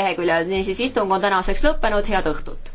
leheküljel. niisiis, istung on tänaseks lõppenud, head õhtut!